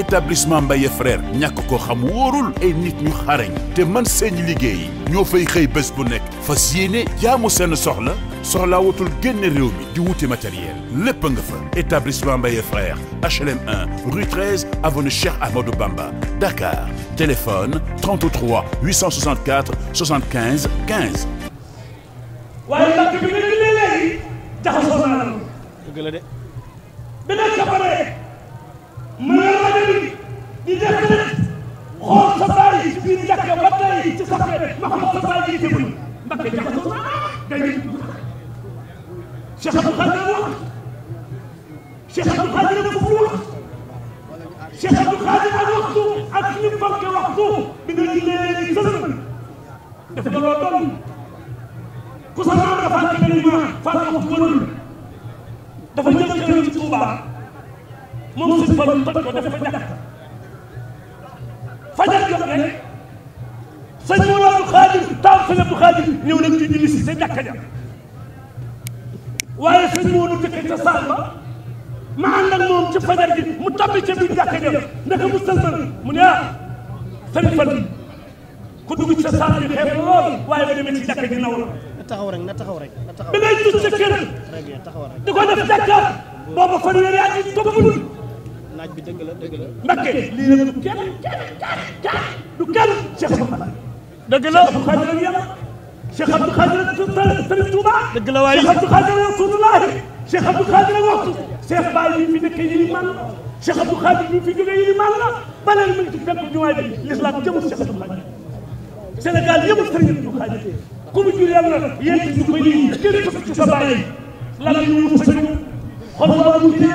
établissement Mbaye frère ñàkk ko xam wóorul ay nit ñu xarañ te man seeni liggéey ñoo fay xëy bés bu nekk fas yéene jaamu seen soxla soxlaa wutul génn réew mi di wuti matériel lépp nga fa établissement Mbaye frère HLM 1 rue 13 avenue Cheikh Amadou Bamba Dakar téléphone 33 864 75 15. waaye lakk bi nga jëlee léegi jaxasoo naa la. dëgg la de. dafa am benn maam Fallou wax mënul dafa jël këram ci Touba moom suñu borom toj ko dafa jàkk fajar jot rek sëñ bi wàllu xaadim taam sëñ Abdou Xaadim ñëw nañ ci julli si sa jàkka ja waaye sëñ Moodu dëkk ca saal ba ma ànd ak moom ci fajar gi mu tabbi ca biir jàkka ja ndaka mu sëlmal mu ne ah sëñ Fall ku dugg ci sa saal bi xeeb lool waaye ba demee ci jàkka ji naw la taxaw rek na taxaw rek na taxaw rek. bi lay sa këram. très bien taxawal rek. di ko def jàkka booba fanweeri at yi toppul. naaj bi dëgg la dëgg la. Mbakke lii la du kenn kenn kenn kenn du kenn Cheikh Mouhamad. dëgg la Cheikh Abdou Khadir yàlla. Cheikh Abdou Khadir Serigne Touba. dëgg la waay Cheikh Abdou Khadir Rasulullah. Cheikh Abdou Khadir waxtu. Cheikh Baye yi fi nekk yi man la. Cheikh Abdou Khadir yi fi jógee yi man la. balal ma ci fekk jumaa bi l'islam jëmul Cheikh Abdou Khadir Sénégal yëpp sëriñ bi ñu xaajatee ku mu jur yàlla yéen ñu koy lii kenn ci sa bàyyi lan la ñu wut sañu xol ba mu tee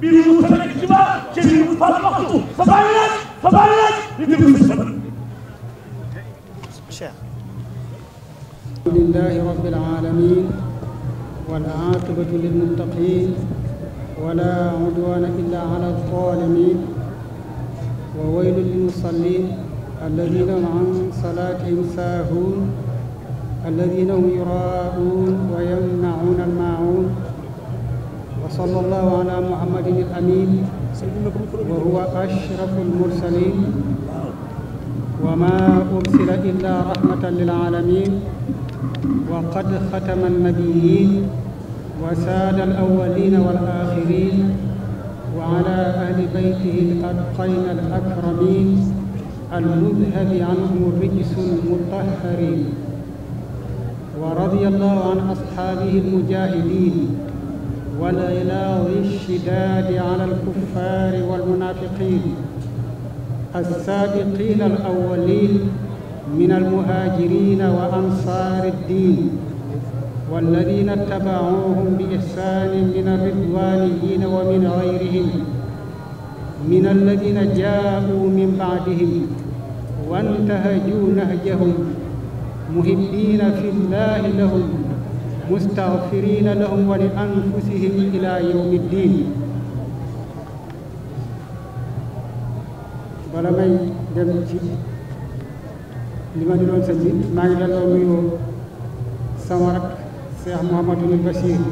biir yu wut rek ci baax ci biir yu fal waxtu sa bàyyi laaj sa bàyyi laaj ñu déglu si sa الحمد لله رب العالمين والعاقبة للمتقين ولا عدوان إلا على الظالمين وويل للمصلين الذين هم عن صلاتهم ساهون الذين هم يراءون ويمنعون الماعون وصلى الله على محمد الأمين وهو أشرف المرسلين وما أرسل إلا رحمة للعالمين وقد ختم النبيين وساد الأولين والآخرين وعلى أهل بيته الأتقين الأكرمين المذهب عنهم الرجس المطهرين ورضي الله عن أصحابه المجاهدين والغلاظ الشداد على الكفار والمنافقين السابقين الأولين من المهاجرين وأنصار الدين والذين اتبعوهم بإحسان من الرضوانيين ومن غيرهم من الذين جاءوا من بعدهم وانتهجوا نهجهم مهبين في الله لهم مستغفرين لهم ولأنفسهم إلى يوم الدين bala may dem ci li ma di doon sëñ bi maa ngi delloo nuyoo sama rak Cheikh Mouhamadou Bachir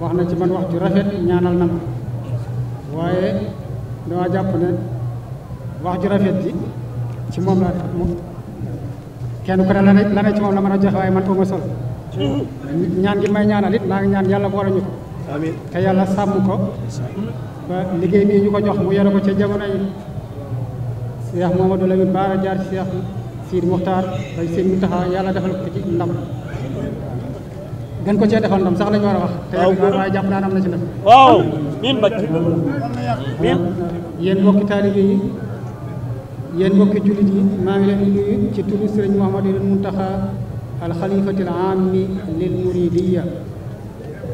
wax na ci man wax rafet ñaanal na ma waaye dama jàpp ne wax ju rafet ji ci moom la kenn ku ne la ne ci moom la mën a joxe waaye man ko ma ñaan gi may ñaanal it maa ngi ñaan yàlla boole ñu ko te yàlla sàmm ko ba liggéey bii ñu ko jox mu yore ko ca jamono yi Cheikh Mamadou Lamine Bara jaar ci Cheikh Sidi Muxtaar bay seen mu taxaa yàlla defal ko ci ndam gën ko cee defal ndam sax lañu war a wax te waaye jàpp naa am na ci ndam waaw miin mbacc miin yi yéen mbokki jullit yi maa ngi leen di nuyu ci turu sëriñ Mouhamadul Muntaxa alxalifatil aami lil muridiya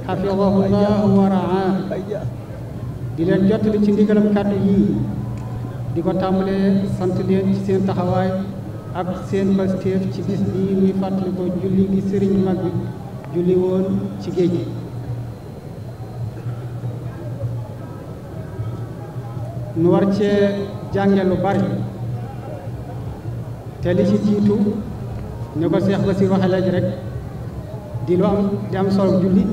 xafidahu llahu wa raa di leen jottali ci ndigalam kàddu yii di ko tàmbalee sant leen ci seen taxawaay ak seen pastéef ci bis bii muy fàttali julli gi sëriñ mag julli woon ci géej gi nu war cee jànge lu bari te li ci jiitu ni ko Seex Basiir waxe léegi rek di lu am di am solo julli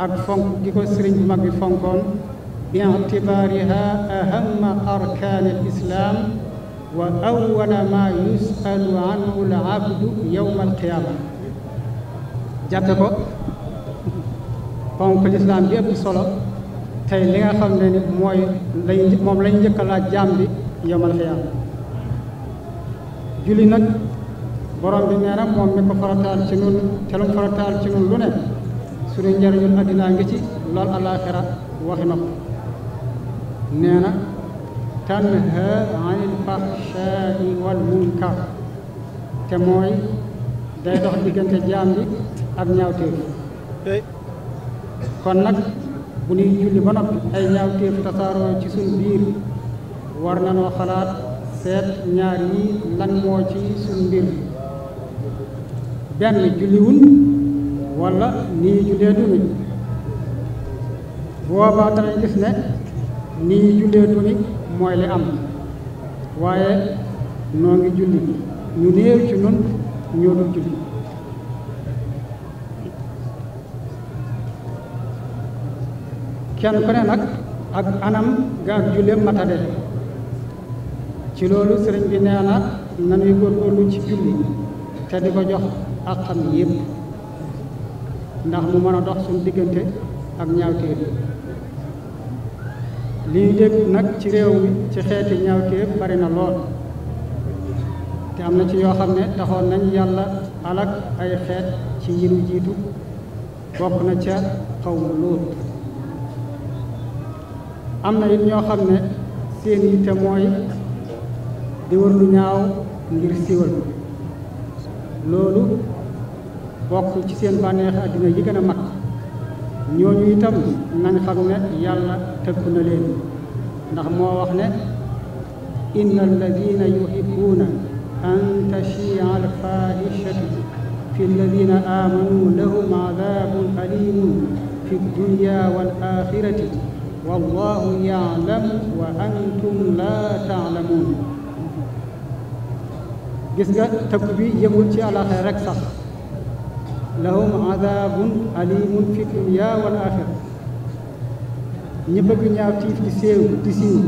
ak fonk gi ko sëriñ mag bi fonkoon bi ictibaariha ahamma arkaan al islaam wa awwala ma yusalu anhu al abdu yowma al qiyaama jàppe ko ponk lislaam bi ëpp solo tey li nga xam ne ni mooy lañ moom lañ njëkk a jaam bi yowmal qiyaama julli nag borom bi nee na moom mi ko farataal ci nun te lu ci nun lu ne suñu njëriñul addinaa ngi ci lool alaaxira waxi na ko nee na tanha anil fahshaa'i wal munkar te mooy day dox diggante jaam bi ak ñaawteef kon nag bu ñuy julli ba noppi ay ñaawteef tasaaroo ci suñ biir war na noo xalaat seet ñaar yi lan moo ci suñ mbir benn julliwuñ wala nii jullee duñu boobaa danañ gis ne nii jullee duñu mooy li am waaye noo ngi julli ñu néew ci nun ñoo dul julli kenn ku nag ak anam ga ak julleem matade ci loolu sëriñ bi nee na nanuy góorgóorlu ci julli te di ko jox ak xam yépp ndax mu mën a dox suñu diggante ak ñaawteef li ñu dégg nag ci réew mi ci xeeti ñaawteef bari na lool te am na ci yoo xam ne taxoon nañ yàlla alak ay xeet ci yiru jiitu bokk na ca xaw mu am na it ñoo xam ne seen yitte mooy di wër ñaaw ngir siiwal loolu bokk ci seen bànneex àddina yi gën a mag ñooñu itam nañ xam ne yàlla tëkku na leen ndax moo wax ne inna alladina yuhibbuuna an tachia alfahishatu fi alladina amanu lahum adabun alimun fi dunya wal axirati wa antum la taalamuun gis nga tëkku bi yëmul ci alaxira rek sax lahum adabun alimun fi dunya wal axira ñi ñaaw tiif di séew di siiw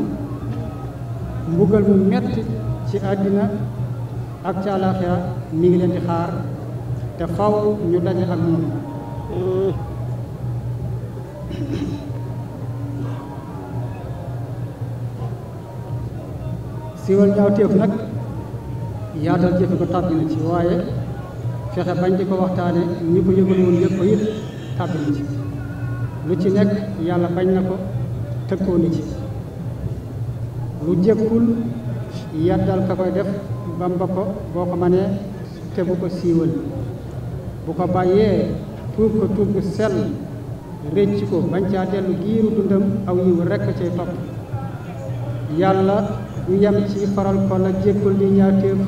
mbugal mu metti ci àddina ak ci alaxira mi ngi leen di xaar te faw ñu daje ak moom siiwal ñaaw téef nag yaatal jëfe ko tàbbi ci waaye fexe bañ di ko waxtaane ñi ko yëgul woon yëpp it ci lu ci nekk yàlla bañ na ko tëkkoo ni ci lu jëkkul yaddal ka koy def bamba ko boo ko mënee te bu ko siiwal bu ko bàyyee tuub ko tuub ko sell ko bañ caa dellu giiru dundam aw yiw rekk cay topp yàlla ñu yem ci faral ko la jékkul di ñaateef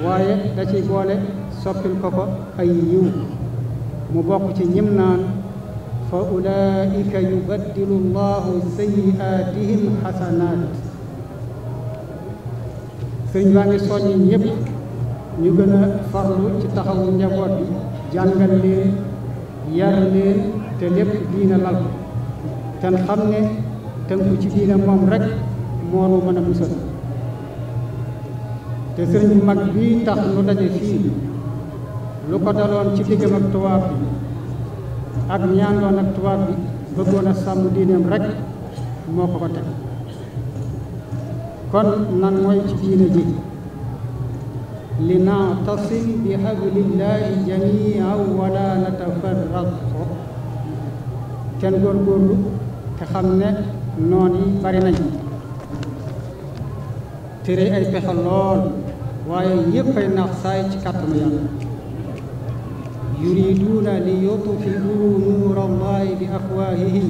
waaye da ci boole soppil ko ko ay yiw mu bokk ci ñim naan fa ulaika yubaddilu llahu sayiaatihim xasanaat sëñ baa ngi soññi ñëpp ñu gën a farlu ci taxawu njaboot bi jàngal yar leen te lépp diina lal ten xam ne tënku ci diina moom rek moo nu mën a musal te sëriñ bu mag bii tax nu daje fii lu ko daloon ci diggam ak tubaab bi ak ñaandoon ak tubaab bi bëggoon sàmm diineem rek moo ko ko teg kon nan mooy ci diine ji li naatasim bi hablillahi jamian wala natafarraq kenn góorgóorlu te xam ne noon yi bari nañ tere ay pexe lool waaye ñéppay naax saay ci kàttanu yàlla yuriduuna li yutfiu nuura allahi bi afwaahihim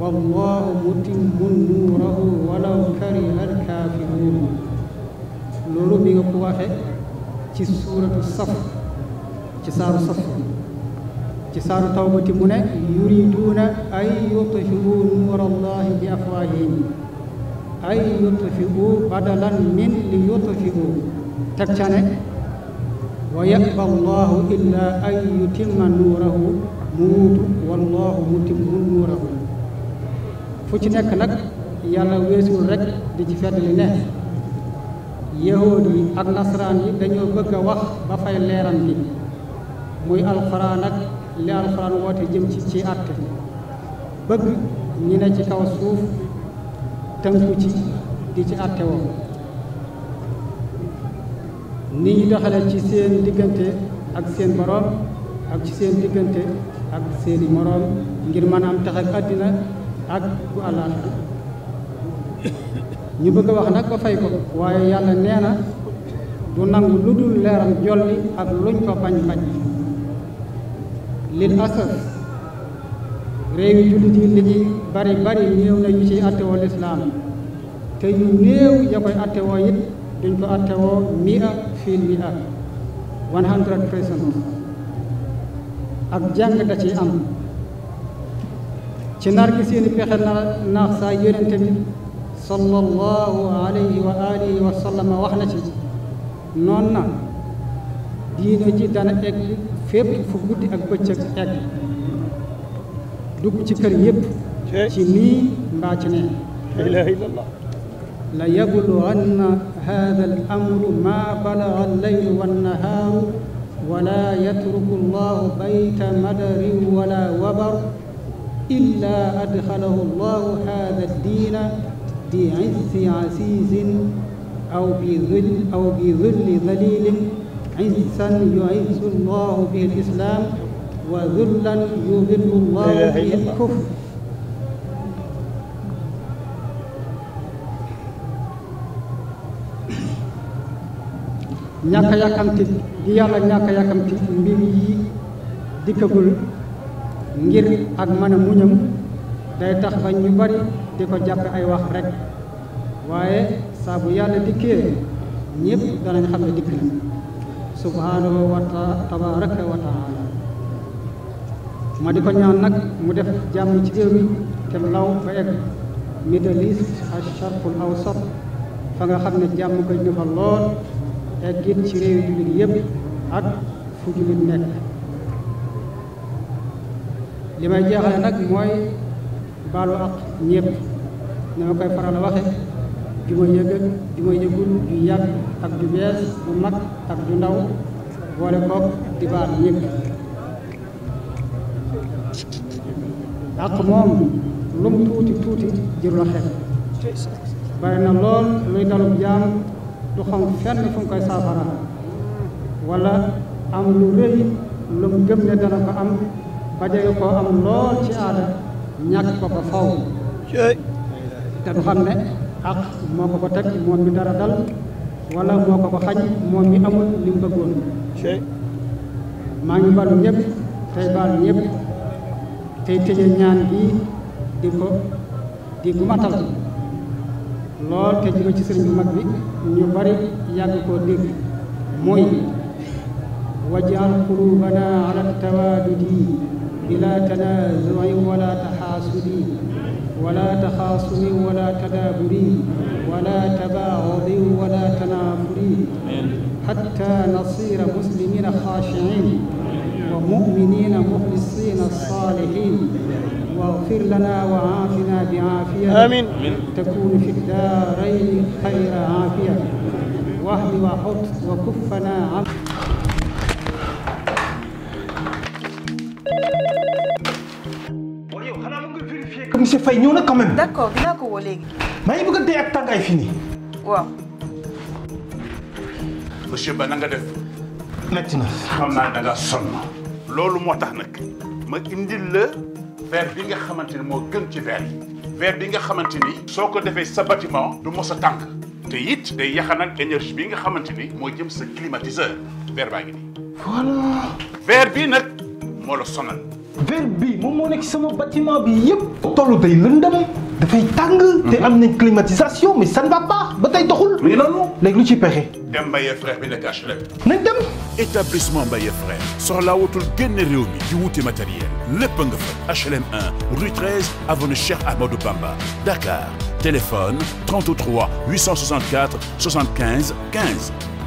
wallahu mutimmu nuurahu walaw kariha alkaafiruun loolu mi nga ko ci suuratu saf ci saaru saf ci saaru tawbati mu ne yuriduuna ay yutfiu nuura allahi bi afwaahihim ay yutfiu badalan min li yutfiu teg ca ne wa yaba allahu illa an yutimma nuurahu mu wuutu wallahu mutimmu nuurahu fu ci nekk nag yàlla weesul rek di ci fedd li ne yahuud yi ak nasaraan yi dañoo bëgg a wax ba fay leeram bi muy alxuraan ak li alxuraan woote jëm ci ci àtte bëgg ñi ne ci kaw suuf tënku ci di ci àtte woo ni ñu doxalee ci seen diggante ak seen boroom ak ci seen diggante ak seeni moroom ngir mën a am tax ak àddina ak bu àllaaxira ñu bëgg a wax nag ko fay ko waaye yàlla nee na du nangu lu dul leeram jolli ak luñ ko bañ-bañ lil asaf réew jullit yi li bari bari néew na ñu ciy attewoo lislaam te ñu néew ya koy attewoo it duñ ko attewoo mii a feel wi ak ak jàng da ci am ci nar seeni pexe na naax saa yonente bi sallallahu alayhi wa alihi wa sallama wax na ci noon na diine ji dana egg fépp fu guddi ak bëccëg egg dugg ci kër yépp ci nii mbaa ci nee ليبلغن هذا الأمر ما بلغ الليل والنهار ولا يترك الله بيت مدر ولا وبر إلا أدخله الله هذا الدين بعز عزيز أو بظل أو بظل ذليل عزا يعز الله به الإسلام وذلا يذل الله به الكفر ñàkk a yàkkamti di yàlla ñàkk yàkkamti mbir yi dikkagul ngir ak mën a muñam day tax ba ñu bari di ko jàppe ay wax rek waaye saa yàlla dikkee ñëpp danañ xam ne dikk na subhaanahu wa tabaraka wa ma di ko ñaan nag mu def jàmm ci réew mi te law ba egg Middle East ak Sharqul Awsat fa nga xam ne jàmm koy ñu lool ak génn ci réew jullit yépp ak fu jullit nekk li may jeexale nag mooy baalu ak ñépp na ma koy faral waxe ju ma yëgul ju yàgg ak ju bees bu mag ak ju ndaw boole kook di baal ñépp ak moom lum tuuti tuuti jërul xel bari na lool luy dalub jaam du xam fenn fu mu koy saafara wala am lu rëy lu mu gëm ne ko am ba jege koo am lool ci aada ñàkk ko ba faw te du xam ne ak moo ko ko teg moom mi dara dal wala moo ko ko xañ moom mi amul li mu maa ngi balu ñëpp tey balu ñëpp tey tëje ñaan bi di ko di gu lool te jóge ci sëriñ bu mag bi ñu bari yàgg koo dégg mooy wajaal qulubana ala tawadudi bila tanazui wala taxaasudi wala taxaasumi wala tadaaburi wala tabaagudi wala tanaafuri xatta nasira wa muminina muxlisina saalihin واغفر لنا وعافنا بعافية آمين تكون في الدارين خير عافية واهد وحط وكفنا عن monsieur Faye ñëw na quand même. d'accord dinaa ko woo léegi. maa ngi bëgg a dee ak tàngaay fii nii. waaw. monsieur Ba na nga def. metti na. xam naa da nga sonn. loolu moo tax nag ma indil la. verre bi nga xamante ni moo gën ci verre yi verre bi nga xamante ni soo ko defee sa bâtiment du mos a tànk te it day yaxanal énergie bi nga xamante ni moo jëm sa climatiseur verre baa ngi nii voilà verre bii nag moo la sonal verre moo nekk sama bâtiment bi yëpp tollu day lëndëm dafay tàng. te am nañ climatisation mais ça ne va pas ba tey doxul. oui loolu. léegi lu ci pexe. dem Mbaye frère bi nekk HLM. nañ dem. établissement Mbaye frère soxlaa wutul génn réew mi di wuti matériel lépp nga fa HLM 1 rue 13 avenue Cheikh Amadou Bamba Dakar téléphone 33 864 75 15.